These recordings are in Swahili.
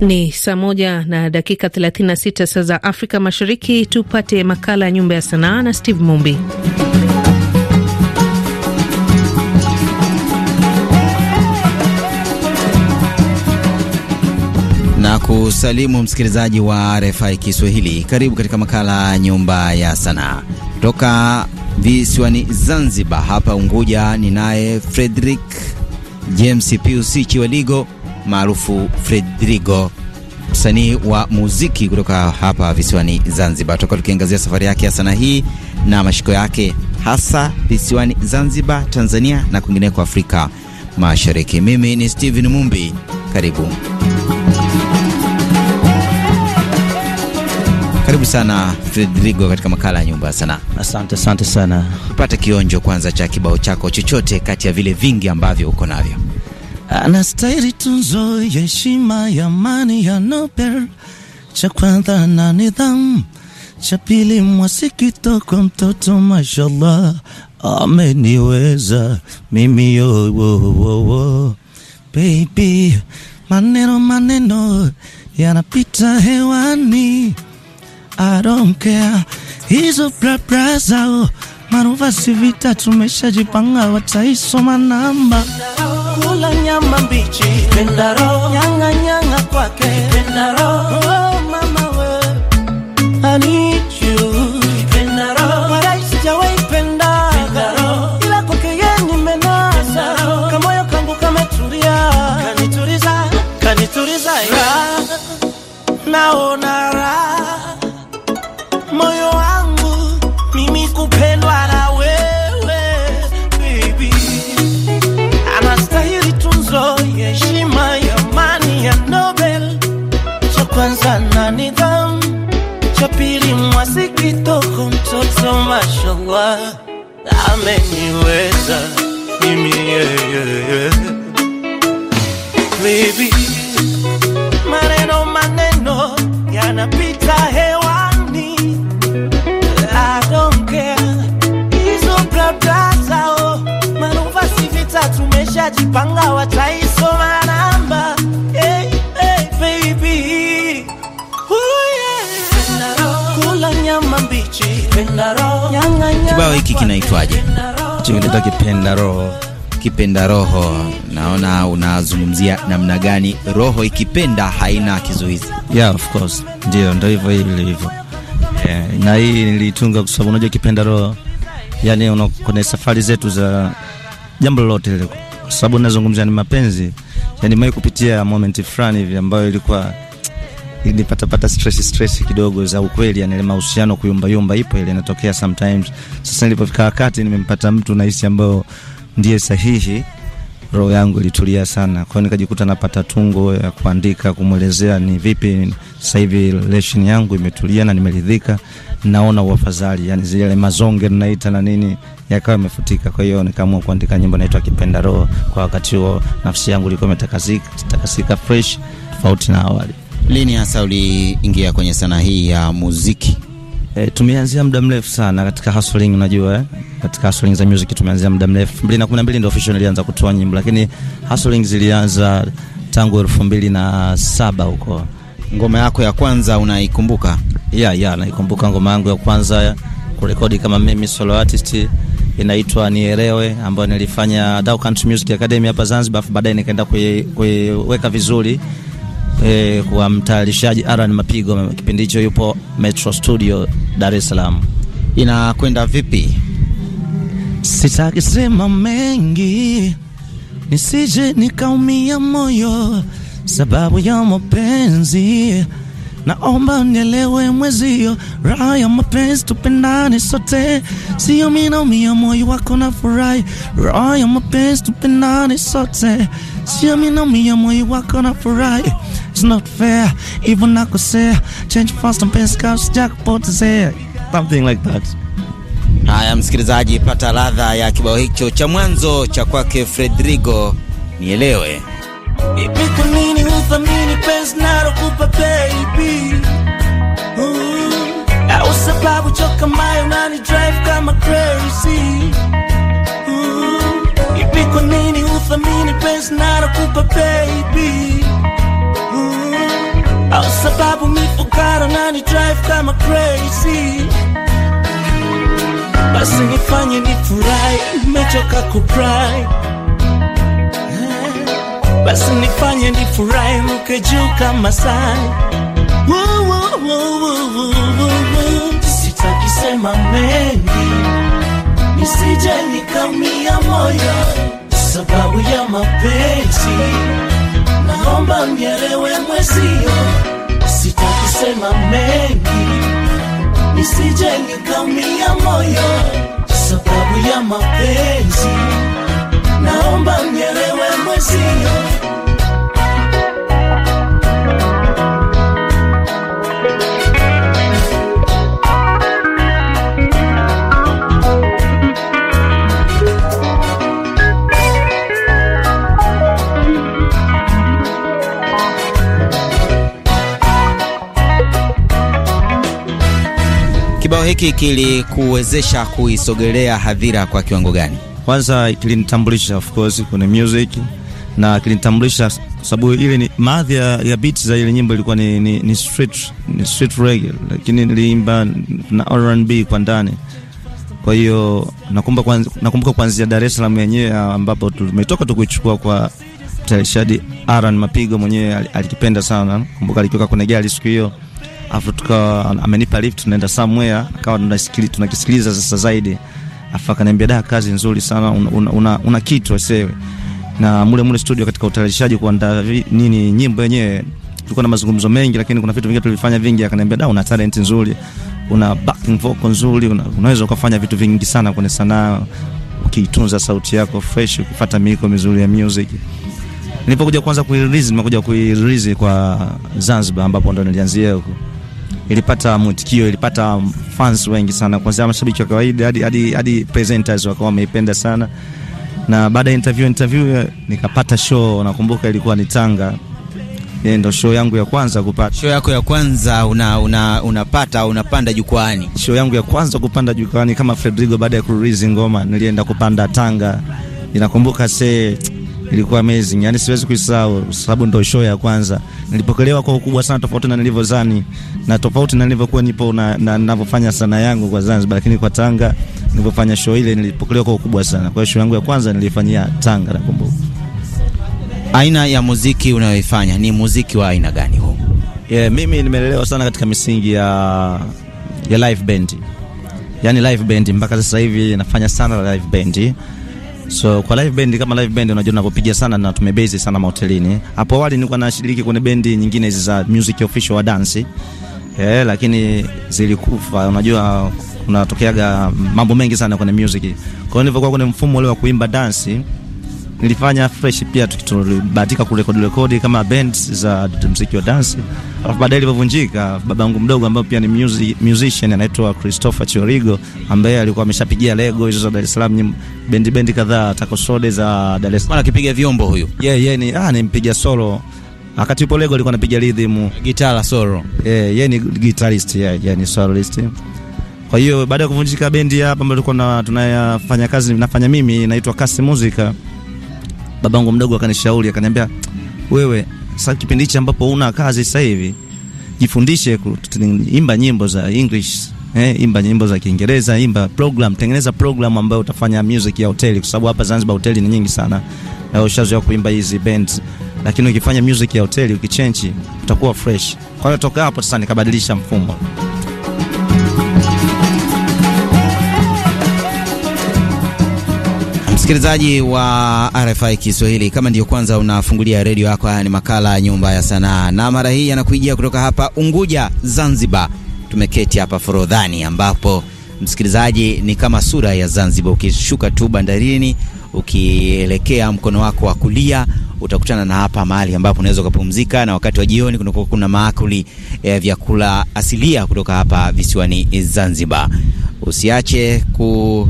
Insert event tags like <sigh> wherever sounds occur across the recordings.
Ni saa moja na dakika 36 saa za Afrika Mashariki. Tupate makala ya Nyumba ya Sanaa na Steve Mumbi. na kusalimu msikilizaji wa RFI Kiswahili. Karibu katika makala Nyumba ya Sanaa kutoka visiwani Zanzibar, hapa Unguja. Ninaye Frederick James Pius Chiwaligo maarufu Fredrigo, msanii wa muziki kutoka hapa visiwani Zanzibar. Tutakuwa tukiangazia safari yake ya sanaa hii na mashiko yake hasa visiwani Zanzibar, Tanzania na kwingineko Afrika Mashariki. Mimi ni Steven Mumbi, karibu karibu sana Fredrigo katika makala ya nyumba ya sanaa. Asante, asante sana. Pata kionjo kwanza cha kibao chako chochote kati ya vile vingi ambavyo uko navyo anastahili tunzo ya heshima ya amani ya Nobel, cha kwanza na nidhamu, cha pili mwasikito kwa mtoto. Mashallah, ameniweza mimi yo, wo, wo, wo. Baby, maneno maneno yanapita hewani, I don't care hizo bra zao maruvasi vita, tumeshajipanga, wataisoma namba. Kula nyama mbichi, penda baby, maneno maneno yanapita hewani, I don't care hizo blabla zao, manuva si vita, tumeshajipanga wataisoma namba hey, hey, baby oh, kibao hiki kinaitwaje? Chenye kinaitwa kipenda roho ikipenda roho, naona unazungumzia namna gani roho ikipenda haina kizuizi? Yeah, of course, ndio ndio hivyo hivyo Yeah, na hii nilitunga kwa sababu unajua kipenda roho, yani kwenye safari zetu za jambo lolote lile, kwa sababu nazungumzia ni mapenzi, yani mimi kupitia moment fulani hivi ambayo ilikuwa nilipata pata stress stress kidogo za ukweli, yani ile mahusiano kuyumba yumba ipo ile inatokea sometimes. Sasa nilipofika wakati nimempata mtu nahisi ambao ndiye sahihi, roho yangu ilitulia sana. Kwa hiyo nikajikuta napata tungo ya kuandika, kumwelezea ni vipi sasa hivi relation yangu imetulia na nimeridhika, naona uafadhali, yani zile mazonge naita na nini yakawa yamefutika. Kwa hiyo nikaamua kuandika nyimbo inaitwa Kipenda Roho. Kwa wakati huo nafsi yangu ilikuwa imetakasika takasika fresh, tofauti na awali. Lini hasa uliingia kwenye sanaa hii ya muziki? E, tumeanzia muda mrefu sana katika hustling, unajua eh? Katika hustling za music tumeanzia muda mrefu. 2012 ndio official ilianza kutoa nyimbo, lakini hustling zilianza tangu 2007 huko. Ngoma yako ya kwanza unaikumbuka? Yeah, yeah, naikumbuka ngoma yangu ya kwanza kurekodi kama mimi solo artist inaitwa Nielewe ambayo nilifanya Dau Country Music Academy hapa Zanzibar, baadaye nikaenda kuiweka vizuri e, kwa mtayarishaji Aran Mapigo. Kipindi hicho yupo Metro Studio Dar es Salaam. Inakwenda vipi? Sitaki sema mengi nisije nikaumia moyo sababu ya mapenzi, naomba nielewe mwezio, raha ya mapenzi, tupendane sote, sio mimi naumia moyo wako na furahi. Raha ya mapenzi, tupendane sote, sio mimi naumia moyo wako na furahi it's not fair, even I could say, change fast and pace cars, jackpot is here. something like that. Haya, msikilizaji, pata ladha ya kibao hicho cha mwanzo cha kwake Fredrigo, nielewe Ipiko e sababu choka mayo nani drive kama nini uthamini pesa narokupa baby? au sababu mifukara na ni drive kama crazy, basi nifanye ni furahi, nimechoka kuprai, basi nifanye ni furahi, ruke juu kama sai. Sitaki sema mengi nisije nikamia moyo sababu ya mapenzi naomba mnielewe mwezio, sitakusema mengi nisije nikaumia moyo sababu ya mapenzi, naomba mnielewe mwezio kibao hiki kilikuwezesha kuisogelea hadhira kwa kiwango gani? Kwanza kilinitambulisha of course kwenye music na kilinitambulisha kwa sababu ile ni maadhi ya beat za ile nyimbo ilikuwa ni, ni, ni street ni street reggae, lakini niliimba na R&B kwa ndani. Kwa hiyo nakumbuka nakumbuka kuanzia Dar es Salaam yenyewe ambapo tumetoka tukuichukua kwa mtayarishaji Aran Mapigo mwenyewe alikipenda sana. Kumbuka alikiweka kwenye gari siku hiyo afu tukawa amenipa lift tunaenda somewhere, akawa tunasikiliza tunakisikiliza sasa zaidi, afu akaniambia da, kazi nzuri sana, una, una, una kitu asewe na mule mule studio katika utayarishaji kuandaa nini nyimbo yenyewe tulikuwa na mazungumzo mengi, lakini kuna vitu vingi tulifanya vingi. Akaniambia da, una talent nzuri, una backing vocal nzuri, una, unaweza ukafanya vitu vingi sana kwenye sanaa ukiitunza sauti yako fresh, ukifuata miiko mizuri ya music. Nilipokuja kwanza kuirelease, nimekuja kuirelease kwa Zanzibar ambapo ndo nilianzia huko ilipata mwitikio, ilipata fans wengi sana, kwanzia mashabiki wa kawaida hadi hadi hadi presenters wakawa wameipenda sana. Na baada ya interview interview nikapata show, nakumbuka ilikuwa ni Tanga. Yeye ndo show yangu ya kwanza kupata. Show yako ya kwanza una, una, unapata unapanda jukwani. Show yangu ya kwanza kupanda jukwani kama Fedrigo baada ya kurelease ngoma nilienda kupanda Tanga. Inakumbuka se ilikuwa amazing, yani siwezi kuisahau sababu ndio show ya kwanza. Nilipokelewa kwa ukubwa sana, tofauti na nilivyozani na tofauti na nilivyokuwa nipo na ninavyofanya sanaa yangu kwa Zanzibar, lakini kwa Tanga nilipofanya show ile nilipokelewa kwa ukubwa sana. Kwa hiyo show yangu ya kwanza nilifanyia Tanga nakumbuka. Aina ya muziki unayoifanya ni muziki wa aina gani huu? Yeah, mimi nimelelewa sana katika misingi ya ya live band, yani live band mpaka sasa hivi nafanya sana live band So kwa live band kama live band unajua tunavyopiga sana na tumebase sana mahotelini. Hapo awali nilikuwa nashiriki kwenye bendi nyingine hizi za music official wa dance. Eh, lakini zilikufa. Unajua kunatokeaga mambo mengi sana kwenye music. Kwa hiyo nilivyokuwa kwenye mfumo ule wa kuimba dance nilifanya fresh pia, tukibahatika kurekodi rekodi kama band za mziki wa dansi, alafu baadaye ilivyovunjika, babangu mdogo ambaye pia ni music, musician anaitwa Christopher Chiorigo ambaye alikuwa ameshapigia lego hizo za Dar es Salaam, bendi bendi kadhaa takosode za Dar es Salaam, akipiga vyombo huyo. Yeah, yeah, ni ah, nimpiga solo wakati ipo lego alikuwa anapiga rhythm gitara solo. Yeah, yeye ni guitarist, yeah, yeah, ni soloist. Kwa hiyo baada ya kuvunjika bendi hapa ambayo tulikuwa tunafanya kazi nafanya mimi, inaitwa Kasi Muzika babangu mdogo akanishauri akaniambia, wewe sasa kipindi hichi ambapo una kazi sasa hivi jifundishe imba nyimbo za English eh, imba nyimbo za Kiingereza, imba program, tengeneza program ambayo utafanya music ya hoteli, kwa sababu hapa Zanzibar hoteli ni nyingi sana na ushazoea kuimba hizi bands, lakini ukifanya music ya hoteli ukichange utakuwa fresh. Kwa hiyo toka hapo sasa nikabadilisha mfumo. Msikilizaji wa RFI Kiswahili, kama ndiyo kwanza unafungulia redio yako, haya ni makala ya Nyumba ya Sanaa na mara hii yanakuijia kutoka hapa Unguja, Zanzibar. Tumeketi hapa Forodhani ambapo msikilizaji, ni kama sura ya Zanzibar. Ukishuka tu bandarini, ukielekea mkono wako wa kulia utakutana na hapa mahali ambapo unaweza ukapumzika, na wakati wa jioni kunakuwa kuna maakuli ya eh, vyakula asilia kutoka hapa visiwani Zanzibar. Usiache ku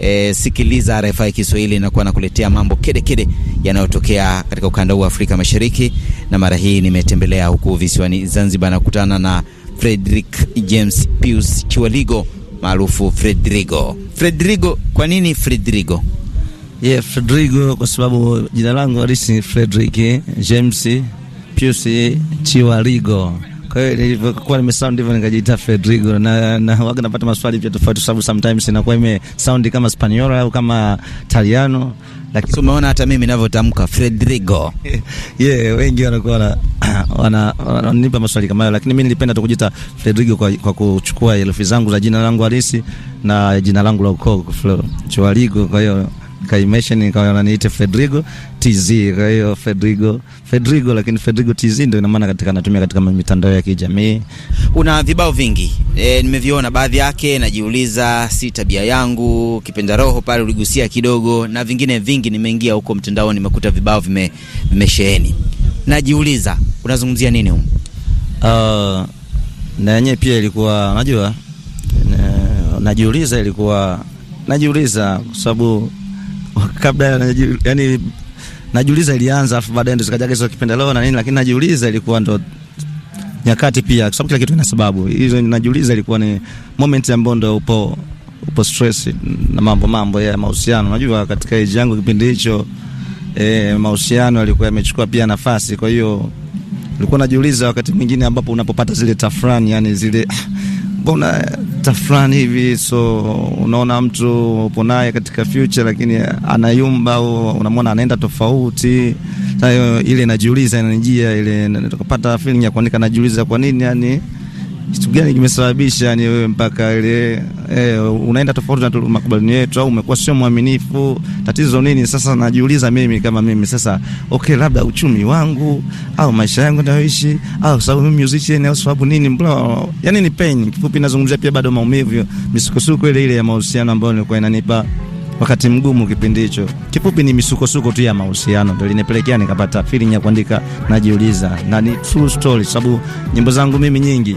e, sikiliza RFI Kiswahili inakuwa nakuletea mambo kedekede yanayotokea katika ukanda huu wa Afrika Mashariki, na mara hii nimetembelea huku visiwani Zanzibar na kukutana na Frederick James Pius Chiwaligo maarufu Fredrigo. Fredrigo, kwa nini Fredrigo? Ye yeah, Fredrigo kwa sababu jina langu halisi Frederick James Pius Chiwaligo kwa hiyo nilivyokuwa nimesound hivyo nikajiita Fedrigo na, na waga napata maswali pia tofauti, sababu sometimes inakuwa ime sound kama Spaniola au kama Italiano, lakini so, umeona hata mimi ninavyotamka Fedrigo <laughs> yeah, wengi wanakuwa wana, wana, wananipa maswali kama hayo, lakini mimi nilipenda tu kujiita Fedrigo kwa, kwa kuchukua herufi zangu za jina langu halisi na jina langu la ukoo Florigo, kwa hiyo kaimesheni nikaona niite Fedrigo TZ. Kwa hiyo Fedrigo Fedrigo, lakini Fedrigo TZ ndio ina maana katika natumia katika mitandao ya kijamii. Una vibao vingi e, nimeviona baadhi yake, najiuliza si tabia yangu, kipenda roho pale uligusia kidogo, na vingine vingi. Nimeingia huko mtandaoni nimekuta vibao vime vimesheheni, najiuliza unazungumzia nini huko? Uh, na yenyewe pia ilikuwa unajua, eh, najiuliza ilikuwa najiuliza kwa sababu <laughs> kabla yani najiuliza ilianza, alafu baadaye ndo zikaja kesho kipenda leo na nini, lakini najiuliza ilikuwa ndo nyakati pia, kwa sababu kila kitu kina sababu hizo. Najiuliza ilikuwa ni moment ambayo ndo upo upo stress na mambo mambo ya mahusiano. Unajua, katika age yangu kipindi hicho e, mahusiano yalikuwa yamechukua pia nafasi, kwa hiyo nilikuwa najiuliza wakati mwingine ambapo unapopata zile tafrani, yani zile ah, ta tafrani hivi, so unaona mtu upo naye katika future, lakini anayumba au unamwona anaenda tofauti. Sasa ile najiuliza, inanijia ile nikapata feeling ya kuandika, najiuliza kwa nini yani kitu gani kimesababisha yani wewe mpaka ile eh, unaenda tofauti na makubaliano yetu, au umekuwa sio mwaminifu? Tatizo nini? Sasa najiuliza mimi kama mimi sasa, okay, labda uchumi wangu au maisha yangu nayoishi, au sababu mimi musician, au sababu nini, Mbona yani ni pain. Kifupi nazungumzia pia bado maumivu, misukosuko ile ile ya mahusiano ambayo nilikuwa inanipa wakati mgumu kipindi hicho. Kifupi ni misukosuko tu ya mahusiano ndio linipelekea nikapata feeling ya kuandika najiuliza, na ni true story, sababu nyimbo zangu mimi nyingi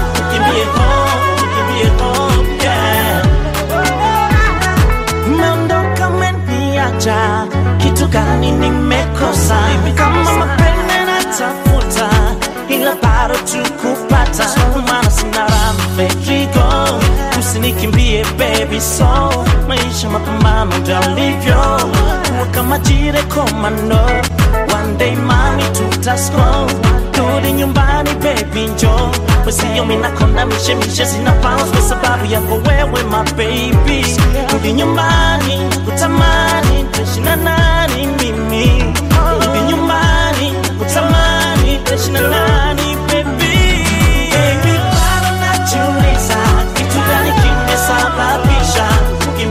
gani nimekosa, kama mapenzi natafuta, ila bado tuko kimbie baby so maisha mapambano dalivyo kama jire one day mami tutasco tuli nyumbani baby njo wesiyo minakonda mishemishe zina bounce kwa sababu yako wewe my baby nyumbani kutamani tashina nani mimi tuli nyumbani kutamani tashina nani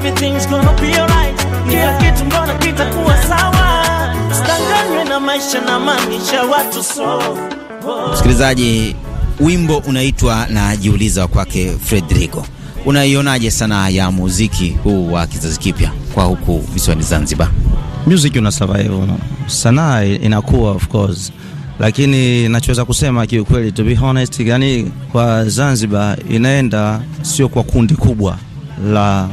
everything's gonna be alright. Kila kitu mbona kitakuwa sawa, sidanganywe na maisha na maanisha watu so. Msikilizaji, wimbo unaitwa Najiuliza kwake Fredrico. Unaionaje sanaa ya muziki huu wa kizazi kipya kwa huku visiwani Zanzibar? Muziki una survive, sanaa inakuwa of course, lakini nachoweza kusema kiukweli, to be honest, yani kwa Zanzibar inaenda sio kwa kundi kubwa la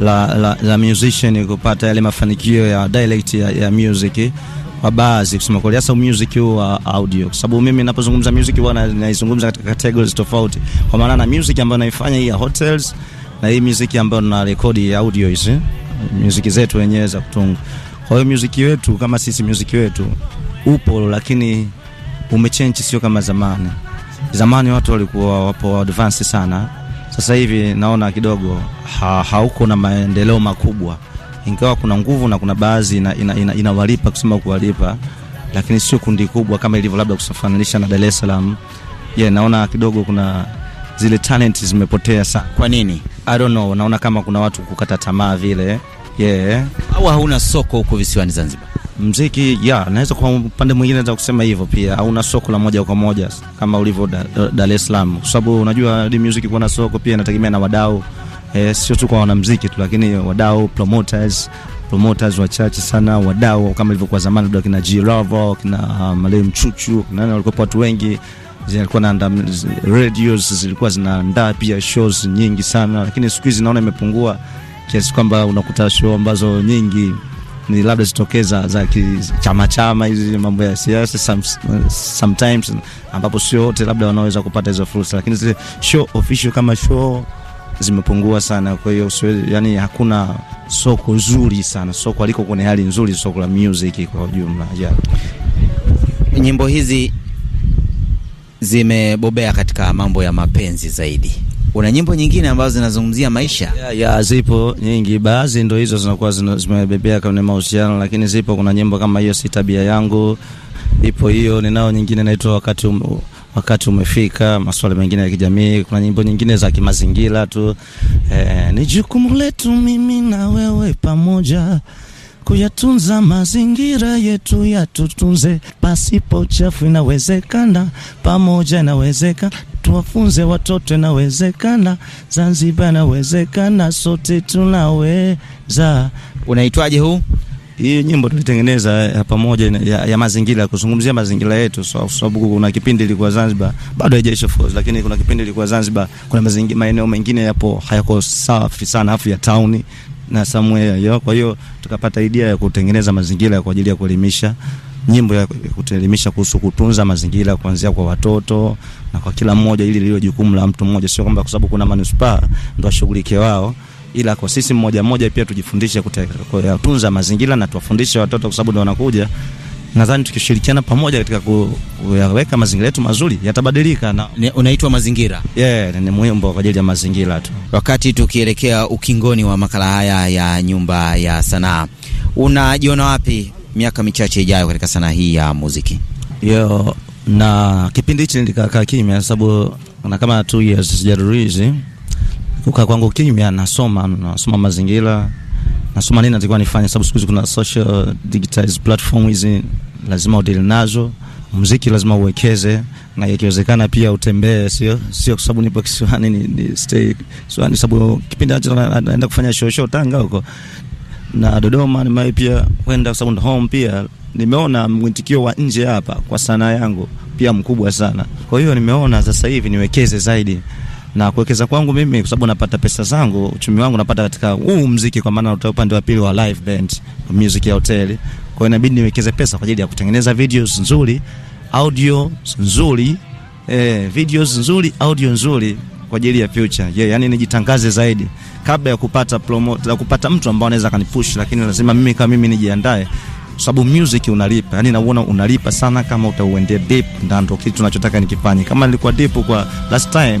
la, la, la musician kupata yale mafanikio ya dialect ya, ya music kwa baadhi kusema kwa hasa music wa uh, audio, kwa sababu mimi ninapozungumza music huwa naizungumza katika categories tofauti, kwa maana na music ambayo naifanya hii ya hotels na hii music ambayo na record ya audio hizi music zetu wenyewe za kutunga. Kwa hiyo music wetu kama sisi, music wetu upo, lakini umechange, sio kama zamani. Zamani watu walikuwa wapo advanced sana sasa hivi naona kidogo ha, hauko na maendeleo makubwa, ingawa kuna nguvu na kuna baadhi inawalipa ina, ina, ina kusema kuwalipa, lakini sio kundi kubwa kama ilivyo labda kufananisha na Dar es Salaam. Yeah, naona kidogo kuna zile talent zimepotea sana. Kwa nini? I don't know, naona kama kuna watu kukata tamaa vile. Yeah. Au hauna soko huko visiwani Zanzibar? mziki ya naweza kwa upande mwingine naweza kusema hivyo pia, au na soko la moja kwa moja kama ulivyo Dar es Salaam, kwa sababu unajua di music kuwa na soko pia inategemea na wadau e, sio tu kwa wanamuziki tu, lakini wadau promoters promoters wachache sana, wadau kama ilivyokuwa zamani, ndio kina Jiravo kina ah, Malay Mchuchu na kina walikuwa watu wengi, zilikuwa na radios zilikuwa zinaandaa pia shows nyingi sana, lakini siku hizi naona imepungua kiasi kwamba unakuta show ambazo nyingi ni labda zitokee za, za chama chama hizi mambo ya siasa sometimes ambapo sio wote labda wanaweza kupata hizo fursa, lakini zile show official kama show zimepungua sana. Kwa hiyo yani, hakuna soko zuri sana, soko aliko kwenye hali nzuri, soko la music kwa ujumla yeah. Nyimbo hizi zimebobea katika mambo ya mapenzi zaidi kuna nyimbo nyingine ambazo zinazungumzia maisha ya, ya, zipo nyingi, baadhi ndo hizo zinakuwa zimebebea kwenye mahusiano, lakini zipo, kuna nyimbo kama hiyo, si tabia yangu, ipo hiyo. Ninao nyingine naitwa wakati um, wakati umefika, masuala mengine ya kijamii. Kuna nyimbo nyingine za kimazingira tu e, ni jukumu letu mimi na wewe pamoja kuyatunza mazingira yetu, yatutunze pasipo chafu. Inawezekana, pamoja inawezekana tuwafunze watoto, inawezekana. Zanzibar inawezekana, sote tunaweza. Unaitwaje huu? Hii nyimbo tulitengeneza pamoja ya, ya mazingira kuzungumzia mazingira yetu, kwa sababu kuna kipindi ilikuwa Zanzibar bado haijaisha force, lakini kuna kipindi ilikuwa Zanzibar kuna mazingira, maeneo mengine yapo hayako safi sana, afu ya tauni na somewhere. Kwa hiyo tukapata idea ya kutengeneza mazingira kwa ajili ya kuelimisha nyimbo ya kutuelimisha kuhusu kutunza mazingira kuanzia kwa watoto na kwa kila mmoja, ili lilo jukumu la mtu mmoja, sio kwamba kwa sababu kuna manispaa ndo washughulike wao, ila kwa sisi mmoja mmoja pia tujifundishe kutunza mazingira na tuwafundishe watoto, kwa sababu ndo wanakuja. Nadhani tukishirikiana pamoja katika kuyaweka mazingira yetu mazuri yatabadilika. Na unaitwa mazingira, yeah, ni mwimbo kwa ajili ya mazingira tu. Wakati tukielekea ukingoni wa makala haya ya Nyumba ya Sanaa, unajiona wapi miaka michache ijayo katika sanaa hii ya muziki? Yo, na kipindi hichi nikakaa kimya sababu na kama two years sijarudi kuka kwangu kimya, nasoma nasoma mazingira nasoma nini natakiwa nifanye, sababu siku hizi kuna social digitized platform hizi lazima udeal nazo. Muziki lazima uwekeze na ikiwezekana pia utembee, sio sio kwa sababu nipo kisiwani ni, ni stay kisiwani, sababu kipindi hicho naenda kufanya show show Tanga huko na Dodoma nimewahi pia kwenda, Sound home pia nimeona mwitikio wa nje hapa kwa sanaa yangu pia mkubwa sana. Kwa hiyo nimeona sasa hivi niwekeze zaidi na kuwekeza kwangu mimi, kwa sababu napata pesa zangu, uchumi wangu napata katika huu muziki, kwa maana uta upande wa pili wa live band music ya hoteli. Kwa hiyo inabidi niwekeze pesa kwa ajili ya kutengeneza videos nzuri, audio nzuri, eh, videos nzuri, audio nzuri kwa ajili ya future yeah, yani nijitangaze zaidi kabla ya kupata promote, ya kupata mtu ambaye anaweza kanipush, lakini lazima mimi kama mimi nijiandae sababu music unalipa, yani naona unalipa sana kama utauendea deep, na ndio kitu tunachotaka nikifanye. Kama nilikuwa deep kwa last time,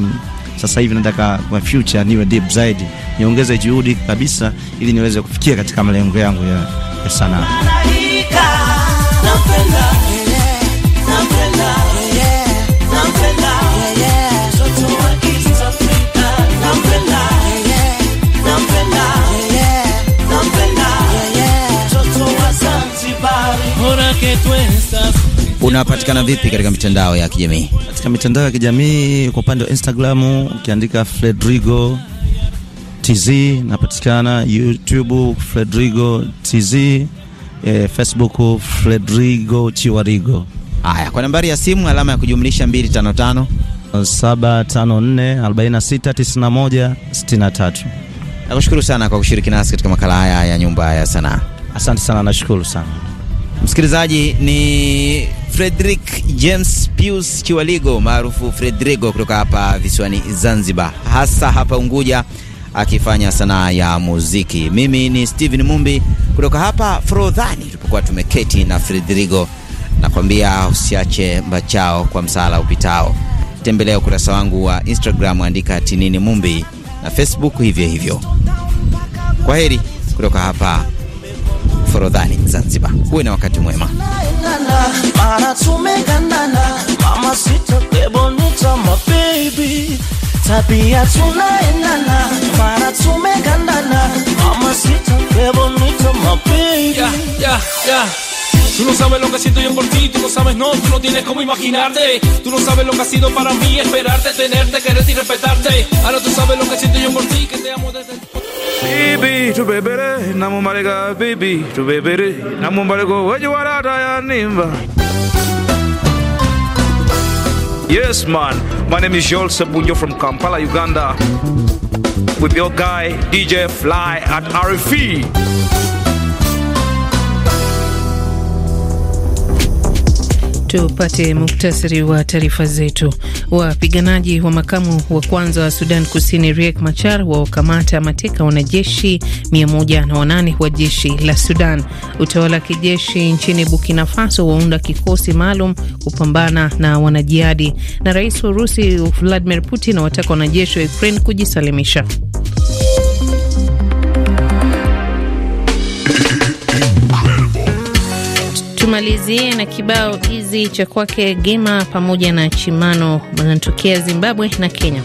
sasa hivi nataka kwa future niwe deep zaidi, niongeze juhudi kabisa, ili niweze kufikia katika malengo yangu ya, ya sanaa. Unapatikana vipi katika mitandao ya kijamii? Katika mitandao ya kijamii kwa upande wa Instagram ukiandika Fredrigo TZ napatikana, YouTube Fredrigo TZ, e, eh, Facebook Fredrigo Chiwarigo. Haya, kwa nambari ya simu alama ya kujumlisha 255 754 Nakushukuru sana kwa kushiriki nasi katika makala haya ya nyumba ya sanaa. Asante sana, nashukuru sana msikilizaji. Ni Frederick James Pius Kiwaligo maarufu Fredrigo kutoka hapa visiwani Zanzibar, hasa hapa Unguja akifanya sanaa ya muziki. Mimi ni Steven Mumbi kutoka hapa Forodhani tulipokuwa tumeketi na Fredrigo. Nakwambia usiache mbachao kwa msala upitao. Tembelea ukurasa wangu wa Instagram, andika tinini Mumbi na Facebook hivyo hivyo. Kwa heri kutoka hapa Forodhani Zanzibar, uwe na wakati mwema. gana, mara tumeganana, mamacita que bonita my baby, tabia tunaendana, mara tumeganana, mamacita que bonita my baby. Ya, ya, ya Tú no sabes lo que siento yo por ti, tú no sabes, no, tú no tienes como imaginarte. Tú no sabes lo que ha sido para mí, esperarte, tenerte, quererte y respetarte. Ahora tú sabes lo que siento yo por ti, que te amo desde Baby, to Bibi tu bebere namumbalega bibi tu Namu namumbalego wejiwarata ya nimba Yes man, my name is Joel Sabunyo from Kampala, Uganda with your guy DJ Fly at RFE Tupate muktasari wa taarifa zetu. Wapiganaji wa makamu wa kwanza wa Sudan Kusini Riek Machar wawakamata mateka wanajeshi 108 wa jeshi la Sudan. Utawala wa kijeshi nchini Burkina Faso waunda kikosi maalum kupambana na wanajihadi, na rais wa Urusi Vladimir Putin awataka wanajeshi wa Ukraine kujisalimisha. Tumalizie na kibao hizi cha kwake Gema pamoja na Chimano, wanatokea Zimbabwe na Kenya.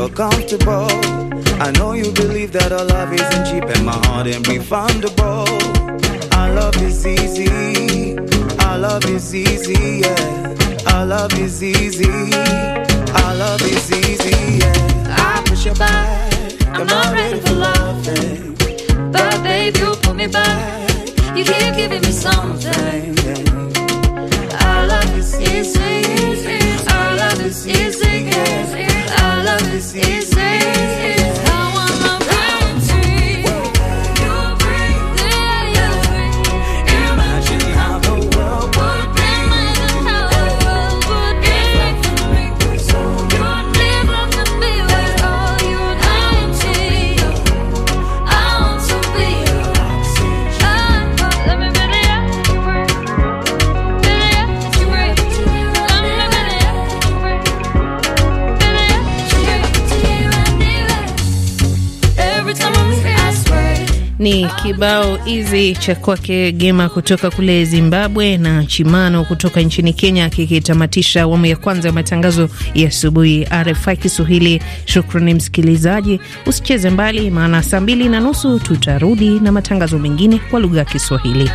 so comfortable. I know you believe that our love isn't cheap and my heart ain't refundable. Our love is easy. Our love is easy, yeah. Our love is easy. Our love is easy, yeah. I push you back. I'm, not ready, for loving. But babe, you put me back. You keep giving me something. Our love is easy love is easy. Our love is easy. ni kibao hizi cha kwake Gema kutoka kule Zimbabwe na Chimano kutoka nchini Kenya, kikitamatisha awamu ya kwanza ya matangazo ya asubuhi RFI Kiswahili. Shukrani msikilizaji, usicheze mbali, maana saa mbili na nusu tutarudi na matangazo mengine kwa lugha ya Kiswahili.